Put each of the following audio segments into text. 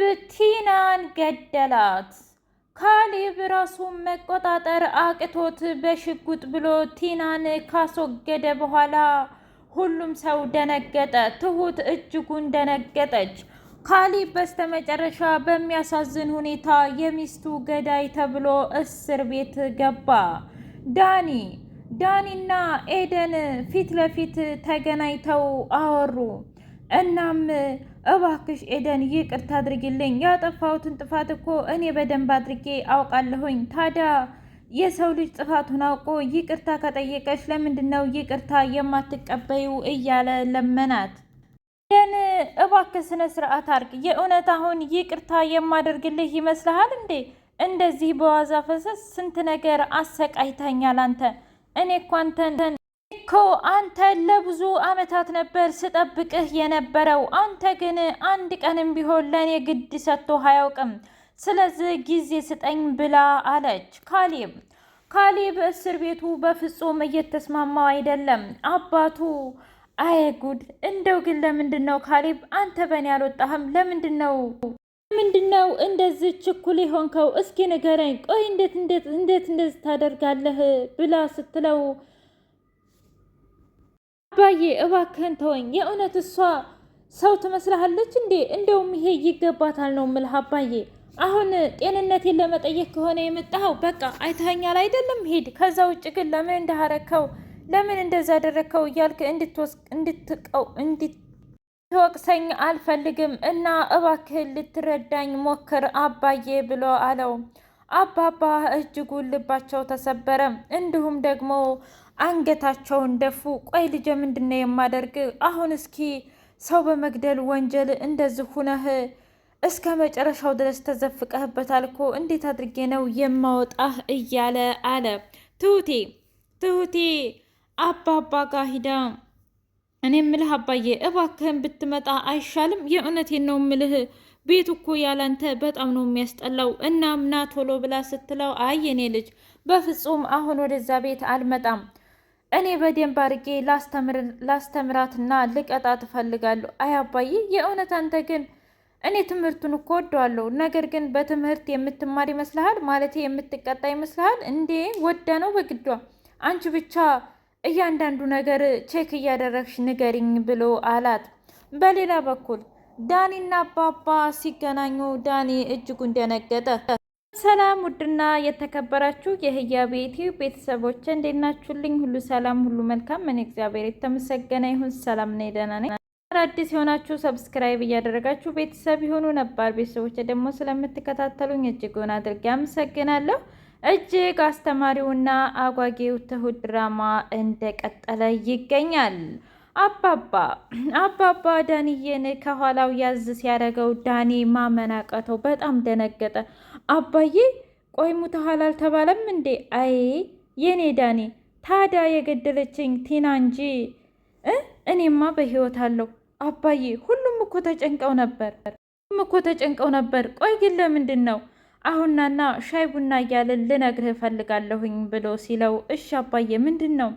ካሊብ ቲናን ገደላት። ካሊብ ራሱን መቆጣጠር አቅቶት በሽጉጥ ብሎ ቲናን ካስወገደ በኋላ ሁሉም ሰው ደነገጠ። ትሁት እጅጉን ደነገጠች። ካሊብ በስተመጨረሻ በሚያሳዝን ሁኔታ የሚስቱ ገዳይ ተብሎ እስር ቤት ገባ። ዳኒ ዳኒና ኤደን ፊት ለፊት ተገናኝተው አወሩ። እናም እባክሽ ኤደን ይቅርታ አድርጊልኝ፣ ያጠፋሁትን ጥፋት እኮ እኔ በደንብ አድርጌ አውቃለሁኝ። ታዲያ የሰው ልጅ ጥፋቱን አውቆ ይቅርታ ከጠየቀች ለምንድን ነው ይቅርታ የማትቀበዩ? እያለ ለመናት። ኤደን እባክህ ስነ ስርዓት አርግ። የእውነት አሁን ይቅርታ የማደርግልህ ይመስልሃል እንዴ? እንደዚህ በዋዛ ፈሰስ ስንት ነገር አሰቃይታኛል። አንተ እኔ እኮ አንተን እኮ አንተ ለብዙ አመታት ነበር ስጠብቅህ የነበረው። አንተ ግን አንድ ቀንም ቢሆን ለእኔ ግድ ሰጥቶ አያውቅም። ስለዚህ ጊዜ ስጠኝ ብላ አለች ካሌብ። ካሌብ እስር ቤቱ በፍጹም እየተስማማው አይደለም። አባቱ አይ ጉድ! እንደው ግን ለምንድን ነው ካሌብ አንተ በእኔ አልወጣህም? ለምንድን ነው ምንድን ነው እንደዚህ ችኩል የሆንከው? እስኪ ንገረኝ። ቆይ እንዴት እንዴት እንዴት እንደዚህ ታደርጋለህ ብላ ስትለው አባዬ እባክህን ተወኝ። የእውነት እሷ ሰው ትመስልሃለች እንዴ? እንደውም ይሄ ይገባታል ነው ምልህ አባዬ። አሁን ጤንነቴን ለመጠየቅ ከሆነ የመጣኸው በቃ አይተኸኛል አይደለም? ሄድ ከዛ ውጭ ግን ለምን እንዳረከው ለምን እንደዛ አደረግከው እያልክ እንድትቀው እንድትወቅሰኝ አልፈልግም እና እባክህን ልትረዳኝ ሞክር አባዬ ብሎ አለው። አባባ እጅጉን ልባቸው ተሰበረ። እንዲሁም ደግሞ አንገታቸውን ደፉ። ቆይ ልጄ ምንድን ነው የማደርግ? አሁን እስኪ ሰው በመግደል ወንጀል እንደዚህ ሁነህ እስከ መጨረሻው ድረስ ተዘፍቀህበታል እኮ እንዴት አድርጌ ነው የማወጣህ? እያለ አለ ትሁቴ ትሁቴ አባባ ጋር ሂዳ እኔ ምልህ አባዬ እባክህን ብትመጣ አይሻልም? የእውነቴን ነው ምልህ ቤት እኮ ያላንተ በጣም ነው የሚያስጠላው። እናምና ቶሎ ብላ ስትለው አይ የኔ ልጅ በፍጹም አሁን ወደዛ ቤት አልመጣም እኔ በደንብ አርጌ ላስተምራትና ልቀጣት እፈልጋለሁ። አይ አባዬ፣ የእውነት አንተ ግን እኔ ትምህርቱን እኮ ወደዋለሁ። ነገር ግን በትምህርት የምትማር ይመስልሃል? ማለት የምትቀጣ ይመስልሃል እንዴ? ወደ ነው በግዷ። አንቺ ብቻ እያንዳንዱ ነገር ቼክ እያደረግሽ ንገሪኝ ብሎ አላት። በሌላ በኩል ዳኒና አባባ ሲገናኙ ዳኒ እጅጉን ደነገጠ። ሰላም ውድና የተከበራችሁ የህያ ቤቲ ቤተሰቦች እንዴት ናችሁልኝ? ሁሉ ሰላም፣ ሁሉ መልካም። እኔ እግዚአብሔር የተመሰገነ ይሁን ሰላም ነኝ፣ ደህና ነኝ። አዲስ የሆናችሁ ሰብስክራይብ እያደረጋችሁ ቤተሰብ የሆኑ ነባር ቤተሰቦች ደግሞ ስለምትከታተሉኝ እጅጉን አድርጌ አመሰግናለሁ። እጅግ አስተማሪውና አጓጌው ትሁት ድራማ እንደቀጠለ ይገኛል። አባባ አባባ ዳንዬን ከኋላው ያዝ ሲያደርገው ዳኒ ማመናቀተው በጣም ደነገጠ። አባዬ ቆይ ሙተሃል አልተባለም እንዴ? አይ የኔ ዳኔ ታዲያ የገደለችኝ ቲና እንጂ እኔማ በህይወት አለሁ። አባዬ ሁሉም እኮ ተጨንቀው ነበር፣ ሁሉም እኮ ተጨንቀው ነበር። ቆይ ግን ለምንድን ነው አሁናና ሻይ ቡና እያለን ልነግርህ እፈልጋለሁኝ ብሎ ሲለው፣ እሺ አባዬ ምንድን ነው?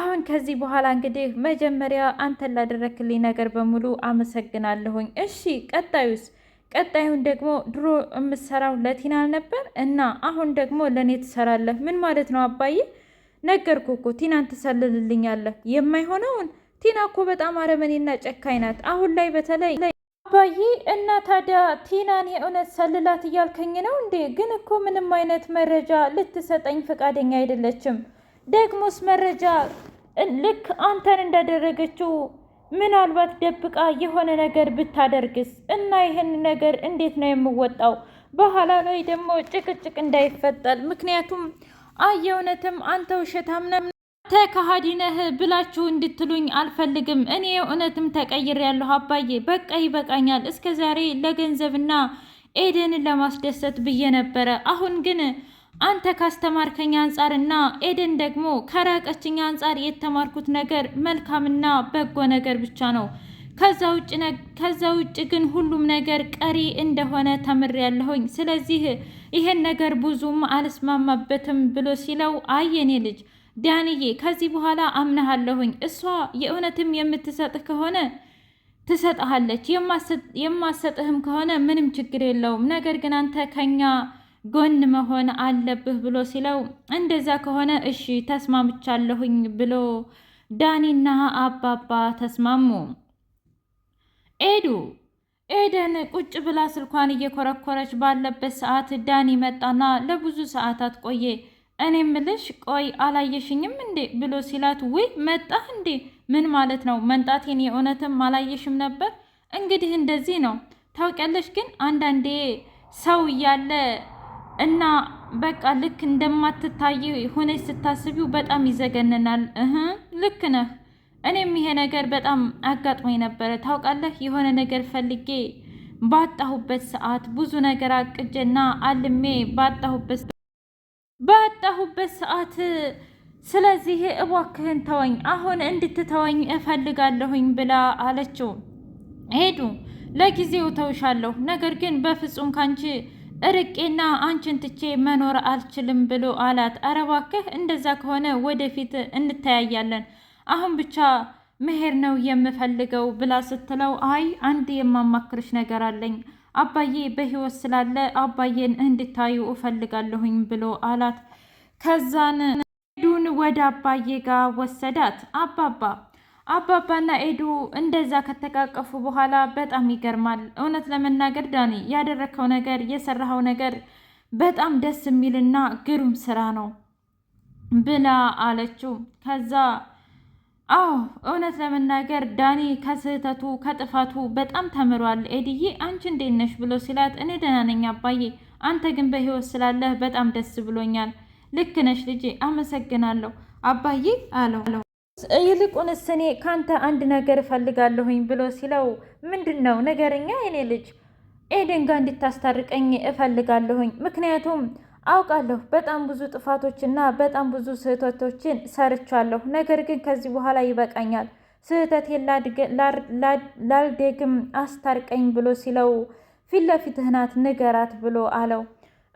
አሁን ከዚህ በኋላ እንግዲህ መጀመሪያ አንተን ላደረክልኝ ነገር በሙሉ አመሰግናለሁኝ። እሺ ቀጣዩስ ቀጣዩን ደግሞ ድሮ የምትሰራው ለቲና ነበር እና አሁን ደግሞ ለእኔ ትሰራለህ። ምን ማለት ነው አባዬ? ነገርኩ እኮ ቲናን ትሰልልልኛለህ። የማይሆነውን ቲና እኮ በጣም አረመኔና ጨካኝ ናት። አሁን ላይ በተለይ አባዬ። እና ታዲያ ቲናን የእውነት ሰልላት እያልከኝ ነው እንዴ? ግን እኮ ምንም አይነት መረጃ ልትሰጠኝ ፈቃደኛ አይደለችም። ደግሞስ መረጃ ልክ አንተን እንዳደረገችው ምናልባት ደብቃ የሆነ ነገር ብታደርግስ? እና ይህን ነገር እንዴት ነው የምወጣው? በኋላ ላይ ደግሞ ጭቅጭቅ እንዳይፈጠል። ምክንያቱም አየውነትም አንተ ውሸታም ነህ አንተ ከሃዲ ነህ ብላችሁ እንድትሉኝ አልፈልግም። እኔ እውነትም ተቀይር ያለሁ አባዬ፣ በቃ ይበቃኛል። እስከ ዛሬ ለገንዘብና ኤደንን ለማስደሰት ብዬ ነበረ። አሁን ግን አንተ ካስተማርከኝ አንጻርና ኤደን ደግሞ ከራቀችኝ አንጻር የተማርኩት ነገር መልካምና በጎ ነገር ብቻ ነው። ከዛ ውጭ ግን ሁሉም ነገር ቀሪ እንደሆነ ተምሬያለሁኝ። ስለዚህ ይሄን ነገር ብዙም አልስማማበትም ብሎ ሲለው አየኔ ልጅ ዳንዬ ከዚህ በኋላ አምናሃለሁኝ። እሷ የእውነትም የምትሰጥህ ከሆነ ትሰጥሃለች፣ የማሰጥህም ከሆነ ምንም ችግር የለውም። ነገር ግን አንተ ከኛ ጎን መሆን አለብህ ብሎ ሲለው እንደዛ ከሆነ እሺ ተስማምቻለሁኝ ብሎ ዳኒና አባባ ተስማሙ። ኤዱ ኤደን ቁጭ ብላ ስልኳን እየኮረኮረች ባለበት ሰዓት ዳኒ መጣና ለብዙ ሰዓታት ቆየ። እኔ ምልሽ ቆይ አላየሽኝም እንዴ ብሎ ሲላት፣ ውይ መጣህ እንዴ? ምን ማለት ነው? መንጣቴን የእውነትም አላየሽም ነበር። እንግዲህ እንደዚህ ነው ታውቂያለሽ። ግን አንዳንዴ ሰው እያለ እና በቃ ልክ እንደማትታይ ሆነች ስታስቢው በጣም ይዘገንናል። እህ ልክ ነህ። እኔም ይሄ ነገር በጣም አጋጥሞኝ ነበረ። ታውቃለህ፣ የሆነ ነገር ፈልጌ ባጣሁበት ሰዓት ብዙ ነገር አቅጀና አልሜ ባጣሁበት ባጣሁበት ሰዓት ስለዚህ እባክህን ተወኝ፣ አሁን እንድትተወኝ እፈልጋለሁኝ ብላ አለችው። ሄዱ ለጊዜው ተውሻለሁ፣ ነገር ግን በፍጹም ካንቺ እርቄና አንቺን ትቼ መኖር አልችልም ብሎ አላት። አረ እባክህ እንደዛ ከሆነ ወደፊት እንተያያለን፣ አሁን ብቻ መሄድ ነው የምፈልገው ብላ ስትለው አይ አንድ የማማክርሽ ነገር አለኝ አባዬ በህይወት ስላለ አባዬን እንድታዩ እፈልጋለሁኝ ብሎ አላት። ከዛን ሄዱን ወደ አባዬ ጋር ወሰዳት። አባባ አባባና ኤዱ እንደዛ ከተቃቀፉ በኋላ በጣም ይገርማል። እውነት ለመናገር ዳኒ ያደረከው ነገር የሰራኸው ነገር በጣም ደስ የሚልና ግሩም ስራ ነው ብላ አለችው። ከዛ አዎ እውነት ለመናገር ዳኒ ከስህተቱ ከጥፋቱ በጣም ተምሯል። ኤድዬ አንቺ እንዴት ነሽ ብሎ ሲላት እኔ ደህና ነኝ አባዬ፣ አንተ ግን በህይወት ስላለህ በጣም ደስ ብሎኛል። ልክ ነሽ ልጄ፣ አመሰግናለሁ አባዬ አለው። ይልቁንስ እኔ ካንተ አንድ ነገር እፈልጋለሁኝ ብሎ ሲለው ምንድን ነው ነገርኛ የኔ ልጅ ኤደን ጋር እንድታስታርቀኝ እፈልጋለሁኝ። ምክንያቱም አውቃለሁ በጣም ብዙ ጥፋቶችና በጣም ብዙ ስህተቶችን ሰርቻለሁ። ነገር ግን ከዚህ በኋላ ይበቃኛል፣ ስህተቴን ላልደግም፣ አስታርቀኝ ብሎ ሲለው ፊት ለፊትህ ናት ንገራት ብሎ አለው።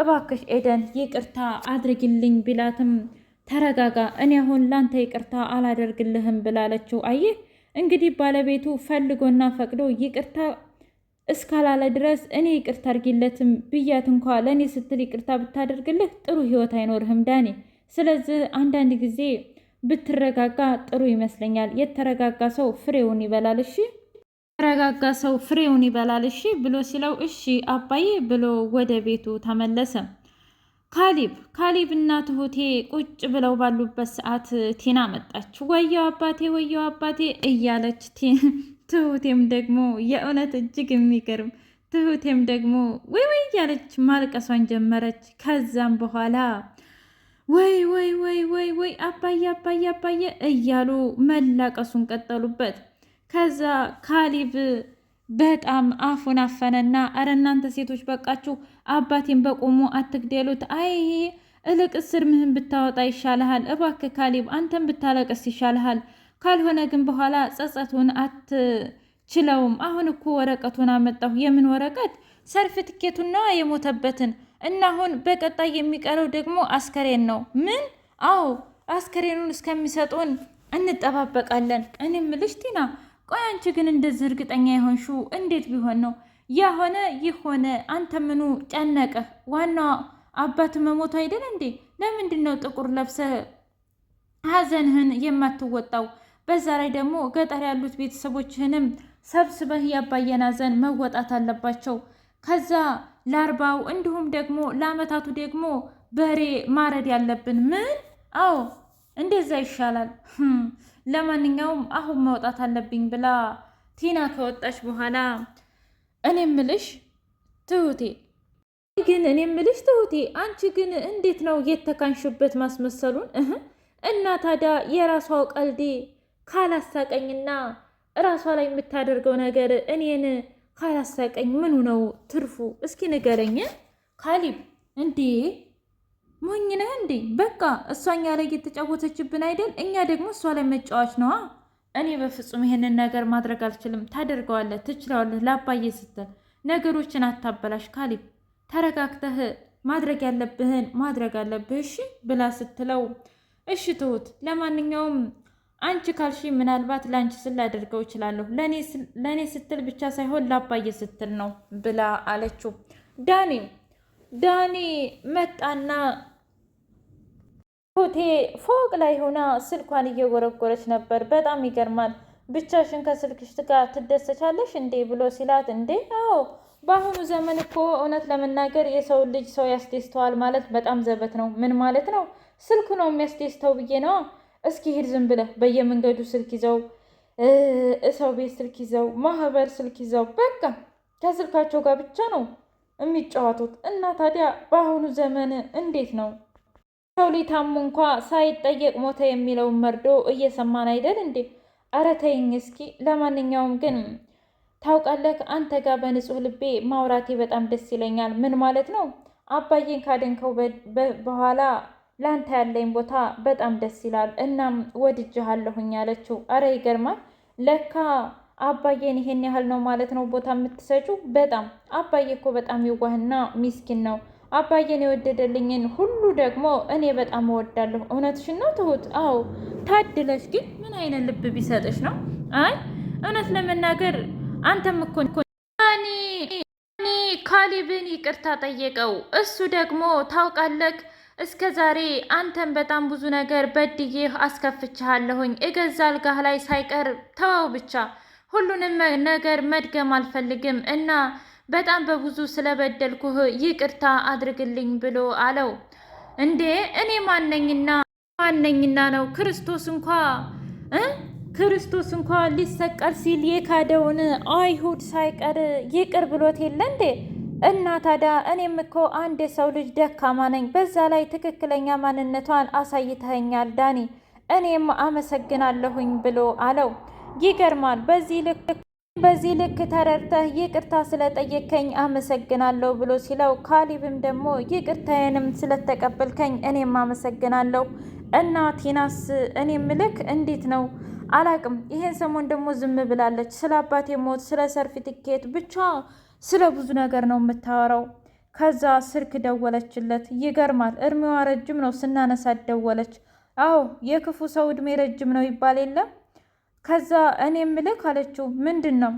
እባክሽ ኤደን ይቅርታ አድርግልኝ ቢላትም ተረጋጋ፣ እኔ አሁን ላንተ ይቅርታ አላደርግልህም ብላለችው። አየህ እንግዲህ ባለቤቱ ፈልጎና ፈቅዶ ይቅርታ እስካላለ ድረስ እኔ ይቅርታ አድርጊለትም ብያት እንኳ ለእኔ ስትል ይቅርታ ብታደርግልህ ጥሩ ህይወት አይኖርህም ዳኔ። ስለዚህ አንዳንድ ጊዜ ብትረጋጋ ጥሩ ይመስለኛል። የተረጋጋ ሰው ፍሬውን ይበላል። እሺ የተረጋጋ ሰው ፍሬውን ይበላል። እሺ ብሎ ሲለው እሺ አባዬ ብሎ ወደ ቤቱ ተመለሰ። ካሊብ ካሊብ እና ትሁቴ ቁጭ ብለው ባሉበት ሰዓት ቲና መጣች። ወየው አባቴ ወየው አባቴ እያለች ትሁቴም ደግሞ የእውነት እጅግ የሚገርም ትሁቴም ደግሞ ወይ ወይ እያለች ማልቀሷን ጀመረች። ከዛም በኋላ ወይ ወይ ወይ ወይ ወይ አባዬ አባዬ አባዬ እያሉ መላቀሱን ቀጠሉበት። ከዛ ካሊብ በጣም አፉን አፈነና፣ አረ እናንተ ሴቶች በቃችሁ አባቴን በቆሙ አትግደሉት። አይ እልቅ እስር ምህን ብታወጣ ይሻልሃል። እባክ ካሊብ አንተን ብታለቅስ ይሻልሃል። ካልሆነ ግን በኋላ ጸጸቱን አትችለውም። አሁን እኮ ወረቀቱን አመጣሁ። የምን ወረቀት? ሰርፍ ትኬቱና የሞተበትን እና አሁን በቀጣይ የሚቀረው ደግሞ አስከሬን ነው። ምን? አዎ አስከሬኑን እስከሚሰጡን እንጠባበቃለን። እኔም እምልሽ ቲና፣ ቆይ አንቺ ግን እንደዚህ እርግጠኛ የሆንሽው እንዴት ቢሆን ነው? የሆነ ይሆነ አንተ ምኑ ጨነቀህ? ዋናው አባት መሞቱ አይደል እንዴ? ለምንድን ነው ጥቁር ለብሰህ ሀዘንህን የማትወጣው? በዛ ላይ ደግሞ ገጠር ያሉት ቤተሰቦችህንም ሰብስበህ ያባየን ሀዘን መወጣት አለባቸው። ከዛ ለአርባው እንዲሁም ደግሞ ለአመታቱ ደግሞ በሬ ማረድ ያለብን። ምን? አዎ እንደዛ ይሻላል። ለማንኛውም አሁን መውጣት አለብኝ ብላ ቲና ከወጣች በኋላ እኔ ምልሽ ትሁቴ ግን እኔ ምልሽ ትሁቴ አንቺ ግን እንዴት ነው የተካንሽበት ማስመሰሉን? እና ታዲያ የራሷ ቀልዴ ካላሳቀኝና ራሷ ላይ የምታደርገው ነገር እኔን ካላሳቀኝ ምኑ ነው ትርፉ? እስኪ ንገረኝ ካሊብ። እንዴ ሞኝ ነህ እንዴ? በቃ እሷ እኛ ላይ የተጫወተችብን አይደል? እኛ ደግሞ እሷ ላይ መጫወች ነዋ። እኔ በፍጹም ይሄንን ነገር ማድረግ አልችልም። ታደርገዋለህ፣ ትችለዋለህ ለአባዬ ስትል ነገሮችን አታበላሽ ካሌብ፣ ተረጋግተህ ማድረግ ያለብህን ማድረግ አለብህ እሺ ብላ ስትለው እሺ ትሁት፣ ለማንኛውም አንቺ ካልሺ ምናልባት ለአንቺ ስል ላደርገው እችላለሁ፣ ለእኔ ስትል ብቻ ሳይሆን ለአባዬ ስትል ነው ብላ አለችው። ዳኒ ዳኒ መጣና ሁቴ ፎቅ ላይ ሆና ስልኳን እየጎረጎረች ነበር። በጣም ይገርማል። ብቻሽን ከስልክሽ ጋር ትደሰቻለሽ እንዴ ብሎ ሲላት፣ እንዴ አዎ፣ በአሁኑ ዘመን እኮ እውነት ለመናገር የሰው ልጅ ሰው ያስደስተዋል ማለት በጣም ዘበት ነው። ምን ማለት ነው? ስልኩ ነው የሚያስደስተው ብዬ ነዋ። እስኪ ሂድ ዝም ብለህ በየመንገዱ ስልክ ይዘው፣ እሰው ቤት ስልክ ይዘው፣ ማህበር ስልክ ይዘው፣ በቃ ከስልካቸው ጋር ብቻ ነው የሚጫወቱት። እና ታዲያ በአሁኑ ዘመን እንዴት ነው ሰው እንኳ ሳይጠየቅ ሞተ የሚለውን መርዶ እየሰማን አይደል እንዴ? ኧረ ተይኝ እስኪ። ለማንኛውም ግን ታውቃለህ፣ አንተ ጋር በንጹህ ልቤ ማውራቴ በጣም ደስ ይለኛል። ምን ማለት ነው? አባዬን ካደንከው በኋላ ለአንተ ያለኝ ቦታ በጣም ደስ ይላል። እናም ወድጅሃለሁኝ አለችው። አረ ይገርማል። ለካ አባዬን ይሄን ያህል ነው ማለት ነው ቦታ የምትሰጩ? በጣም አባዬ እኮ በጣም የዋህና ሚስኪን ነው። አባዬን የወደደልኝን ሁሉ ደግሞ እኔ በጣም እወዳለሁ። እውነትሽ ነው ትሁት? አዎ ታድለሽ። ግን ምን አይነት ልብ ቢሰጥሽ ነው? አይ እውነት ለመናገር አንተም እኮ እኔ ይቅርታ ጠየቀው። እሱ ደግሞ ታውቃለህ፣ እስከ ዛሬ አንተን በጣም ብዙ ነገር በድዬ አስከፍችሃለሁኝ። እገዛ አልጋህ ላይ ሳይቀር ተወው ብቻ ሁሉንም ነገር መድገም አልፈልግም እና በጣም በብዙ ስለበደልኩህ ይቅርታ አድርግልኝ ብሎ አለው። እንዴ እኔ ማነኝና ማነኝና ነው ክርስቶስ እንኳ እ ክርስቶስ እንኳ ሊሰቀል ሲል የካደውን አይሁድ ሳይቀር ይቅር ብሎት የለ እንዴ? እና ታዲያ እኔም እኮ አንድ የሰው ልጅ ደካማ ነኝ። በዛ ላይ ትክክለኛ ማንነቷን አሳይተኸኛል ዳኒ፣ እኔም አመሰግናለሁኝ ብሎ አለው። ይገርማል በዚህ ልክ በዚህ ልክ ተረድተህ ይቅርታ ስለጠየከኝ አመሰግናለሁ ብሎ ሲለው ካሊብም ደግሞ ይቅርታዬንም ስለተቀበልከኝ እኔም አመሰግናለሁ እና ቲናስ እኔም ልክ እንዴት ነው አላቅም። ይሄን ሰሞን ደግሞ ዝም ብላለች። ስለ አባቴ ሞት፣ ስለ ትኬት፣ ብቻ ስለ ብዙ ነገር ነው የምታወራው። ከዛ ስልክ ደወለችለት። ይገርማል፣ እድሜዋ ረጅም ነው። ስናነሳት ደወለች። አዎ የክፉ ሰው እድሜ ረጅም ነው ይባል የለም ከዛ እኔ ምልክ አለችው። ምንድን ነው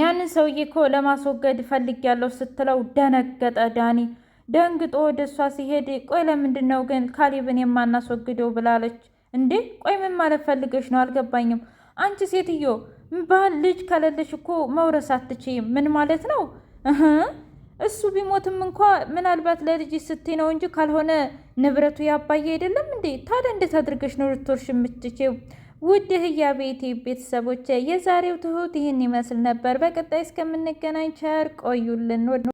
ያንን ሰውዬ እኮ ለማስወገድ ያለው ስትለው ደነገጠ። ዳኒ ደንግጦ ወደ እሷ ሲሄድ ቆይ ለምንድን ነው ግን ካሌብን የማናስወግደው ብላለች። እንዴ ቆይ ምን ማለት ፈልገሽ ነው? አልገባኝም። አንቺ ሴትዮ ባል ልጅ ከሌለሽ እኮ መውረስ አትችይም። ምን ማለት ነው? እሱ ቢሞትም እንኳ ምናልባት ለልጅ ስትይ ነው እንጂ ካልሆነ ንብረቱ ያባየ አይደለም እንዴ? ታዲያ እንዴት አድርገሽ ነው ልትወርሽ የምትችይው? ውድ ህያ ቤቴ ቤተሰቦች የዛሬው ትሁት ይህን ይመስል ነበር። በቀጣይ እስከምንገናኝ ቸር ቆዩልን።